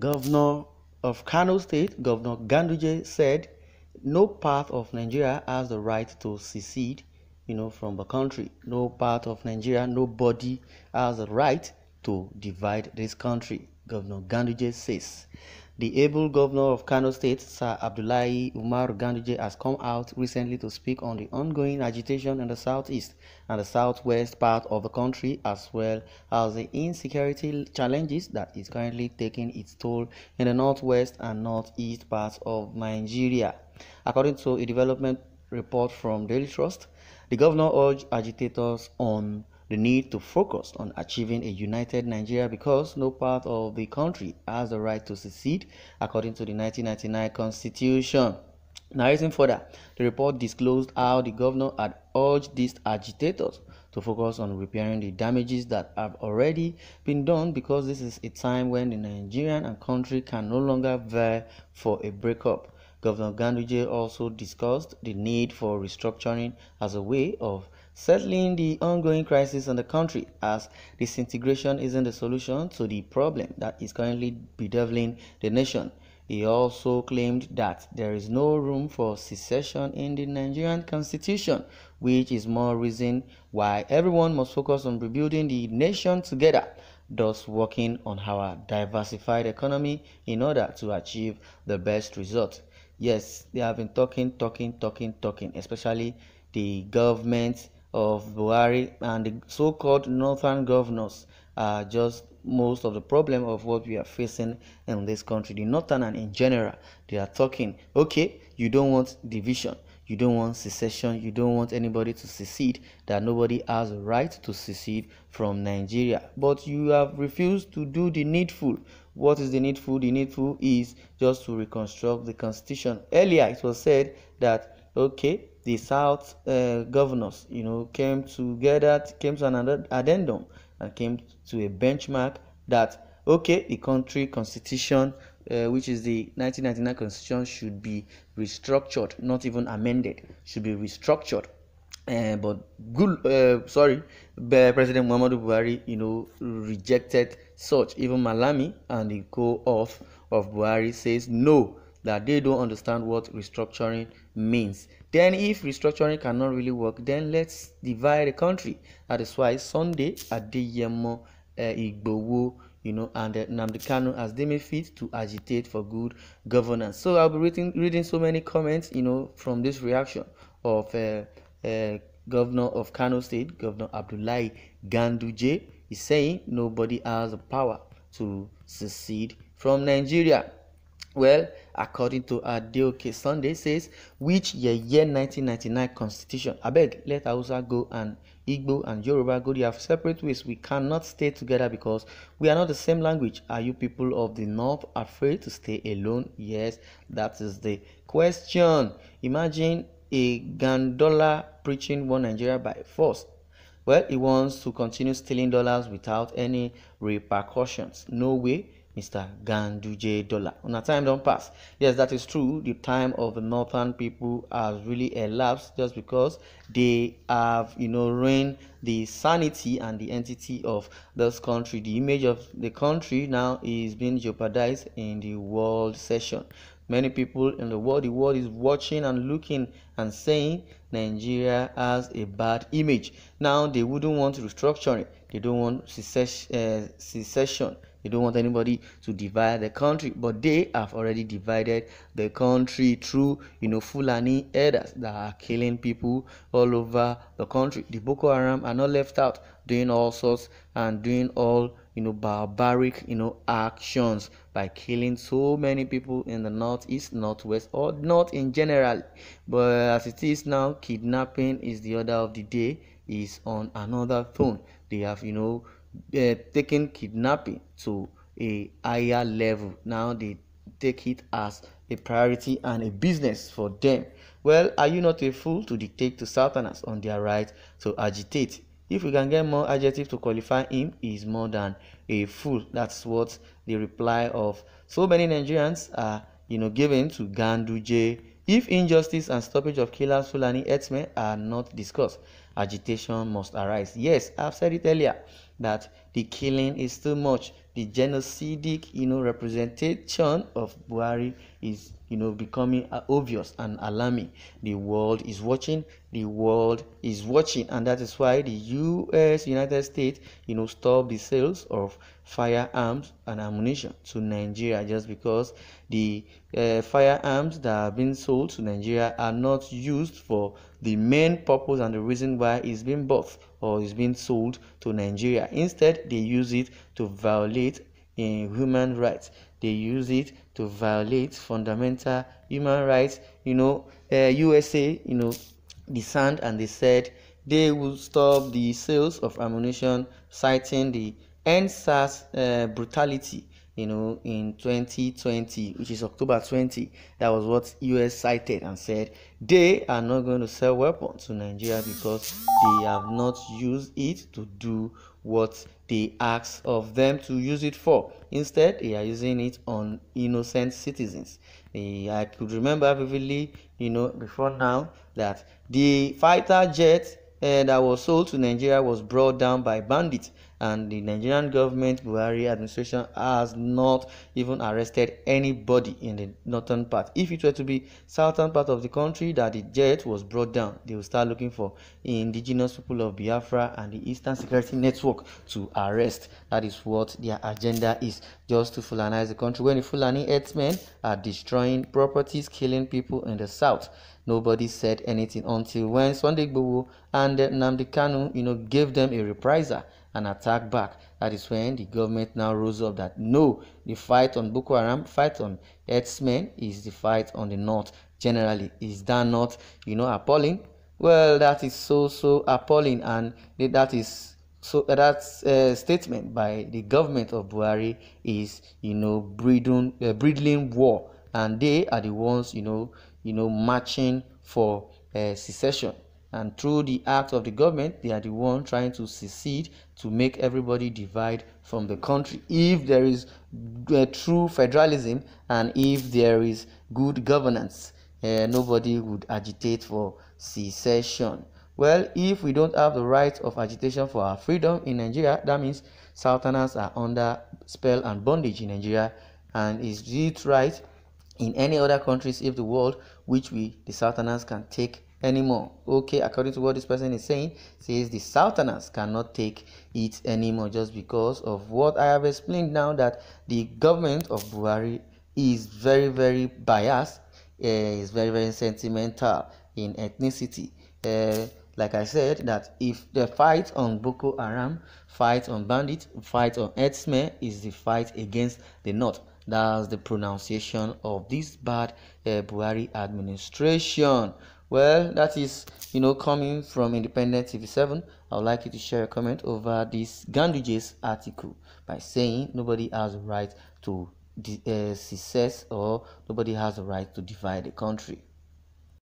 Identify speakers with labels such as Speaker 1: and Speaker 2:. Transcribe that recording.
Speaker 1: Governor of Kano State, Governor Ganduje, said no part of Nigeria has the right to secede, you know, from the country. No part of Nigeria, nobody has the right to divide this country, Governor Ganduje says. The able governor of Kano State, Sir Abdullahi Umar Ganduje, has come out recently to speak on the ongoing agitation in the southeast and the southwest part of the country, as well as the insecurity challenges that is currently taking its toll in the northwest and northeast parts of Nigeria. According to a development report from Daily Trust, the governor urged agitators on the need to focus on achieving a united Nigeria because no part of the country has the right to secede according to the 1999 constitution. Narrating further, the report disclosed how the governor had urged these agitators to focus on repairing the damages that have already been done because this is a time when the Nigerian and country can no longer vie for a breakup. Governor Ganduje also discussed the need for restructuring as a way of settling the ongoing crisis in the country as disintegration isn't the solution to the problem that is currently bedeviling the nation. He also claimed that there is no room for secession in the Nigerian constitution, which is more reason why everyone must focus on rebuilding the nation together, thus working on our diversified economy in order to achieve the best result. Yes, they have been talking, talking, talking, talking, especially the government of Buhari and the so-called northern governors are just most of the problem of what we are facing in this country. The northern and in general, they are talking, okay, you don't want division, you don't want secession, you don't want anybody to secede, that nobody has a right to secede from Nigeria. But you have refused to do the needful. What is the needful? The needful is just to reconstruct the constitution. Earlier it was said that okay the South uh, governors, you know, came together, came to an addendum, and came to a benchmark that okay, the country constitution, uh, which is the 1999 constitution, should be restructured, not even amended, should be restructured. Uh, but good, uh, sorry, President Muhammadu Buhari, you know, rejected such. Even Malami and the co off of Buhari says no that they don't understand what restructuring means. Then, if restructuring cannot really work, then let's divide the country. That is why Sunday Adeyemo uh, eh, Igbowo, you know, and uh, Nnamdi Kanu as they may fit to agitate for good governance. So I'll be reading reading so many comments, you know, from this reaction of uh, uh, Governor of Kano State, Governor Abdullahi Ganduje, He's saying nobody has the power to secede from Nigeria. Well, according to Adeoke Sunday says, which year year 1999 constitution? Abeg, let Hausa go and Igbo and Yoruba go their separate ways. We cannot stay together because we are not the same language. Are you people of the north afraid to stay alone? Yes, that is the question. Imagine a Gandola preaching one Nigeria by force. Well, he wants to continue stealing dollars without any repercussions. No way. Mr. Ganduje Dollar. On a time don't pass. Yes, that is true. The time of the northern people has really elapsed just because they have, you know, ruined the sanity and the entity of this country. The image of the country now is being jeopardized in the world session. Many people in the world, the world is watching and looking and saying Nigeria has a bad image. Now they wouldn't want restructuring. They don't want eh, secession. Uh, secession they don't want anybody to divide the country, but they have already divided the country through, you know, Fulani herders that are killing people all over the country. The Boko Haram are not left out, doing all sorts and doing all, you know, barbaric, you know, actions by killing so many people in the northeast, northwest, or not in general. But as it is now, kidnapping is the order of the day. Is on another tone. They have, you know, uh, taking kidnapping to a higher level. Now they take it as a priority and a business for them. Well, are you not a fool to dictate to Southerners on their right to agitate? If we can get more adjective to qualify him, he is more than a fool. That's what the reply of so many Nigerians are, you know, given to Ganduje. If injustice and stoppage of killers, Fulani, Etzme are not discussed, agitation must arise. Yes, I've said it earlier that the killing is too much. The genocidic, you know, representation of Buhari is, you know, becoming uh, obvious and alarming. The world is watching. The world is watching, and that is why the U.S. United States, you know, stopped the sales of firearms and ammunition to Nigeria just because the uh, firearms that are being sold to Nigeria are not used for the main purpose and the reason why it's being bought or is being sold to Nigeria. Instead, they use it to violate human rights. They use it to violate fundamental human rights. You know, uh, USA, you know, discerned and they said they will stop the sales of ammunition, citing the NSAS uh, brutality you know, in 2020, which is October 20, that was what US cited and said they are not going to sell weapons to Nigeria because they have not used it to do what they asked of them to use it for. Instead, they are using it on innocent citizens. Eh, I could remember vividly, you know, before now that the fighter jet uh, that was sold to Nigeria was brought down by bandits and the Nigerian government Buhari administration has not even arrested anybody in the northern part. If it were to be southern part of the country that the jet was brought down, they will start looking for indigenous people of Biafra and the Eastern Security Network to arrest. That is what their agenda is, just to Fulanize the country. When the Fulani herdsmen are destroying properties, killing people in the south, nobody said anything until when Sunday Igboho and Namdi Kanu, you know, gave them a reprisal and attack back. That is when the government now rose up that no, the fight on Boko Haram, fight on x is the fight on the North generally. Is that not, you know, appalling? Well, that is so, so appalling and that is so uh, that uh, statement by the government of Buhari is, you know, breeding, uh, breeding war, and they are the ones, you know, you know, marching for uh, secession. and through the act of the government they are the one trying to secede to make everybody divide from the country if there is a uh, true federalism and if there is good governance uh, nobody would agitate for secession well if we don't have the right of agitation for our freedom in nigeria that means southerners are under spell and bondage in nigeria and is it right in any other countries if the world which we the southerners can take anymore. Okay, according to what this person is saying, says the Southerners cannot take it anymore just because of what I have explained now that the government of Buhari is very, very biased, uh, is very, very sentimental in ethnicity. Uh, like I said, that if the fight on Boko Haram, fight on bandits, fight on Edsme is the fight against the North. That's the pronunciation of this bad uh, Buhari administration. Well, that is, you know, coming from Independent TV7. I would like you to share a comment over this Ganduje's article by saying nobody has a right to uh, success or nobody has a right to divide the country.